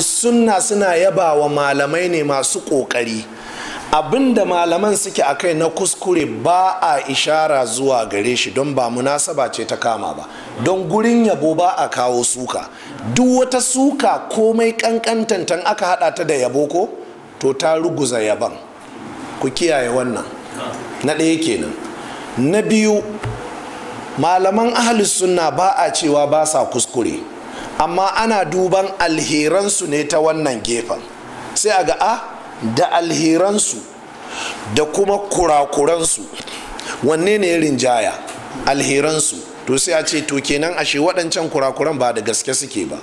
sunna suna yaba wa malamai ne masu ƙoƙari abinda malaman suke a kai na kuskure ba a ishara zuwa gare shi don ba munasaba ce ta kama ba don gurin yabo ba a kawo suka duk wata suka komai kankantantan aka hada ta da yabo ko to ta ruguza yaban ku kiyaye wannan na ɗaya kenan na biyu malaman ahalus sunna ba a cewa ba sa kuskure amma ana duban alheransu ne ta wannan gefen sai a ga a ah, da alheransu da kuma kurakuransu wanne ne rinjaya alheransu to sai a ce to kenan ashe waɗancan kurakuran ba da gaske suke ba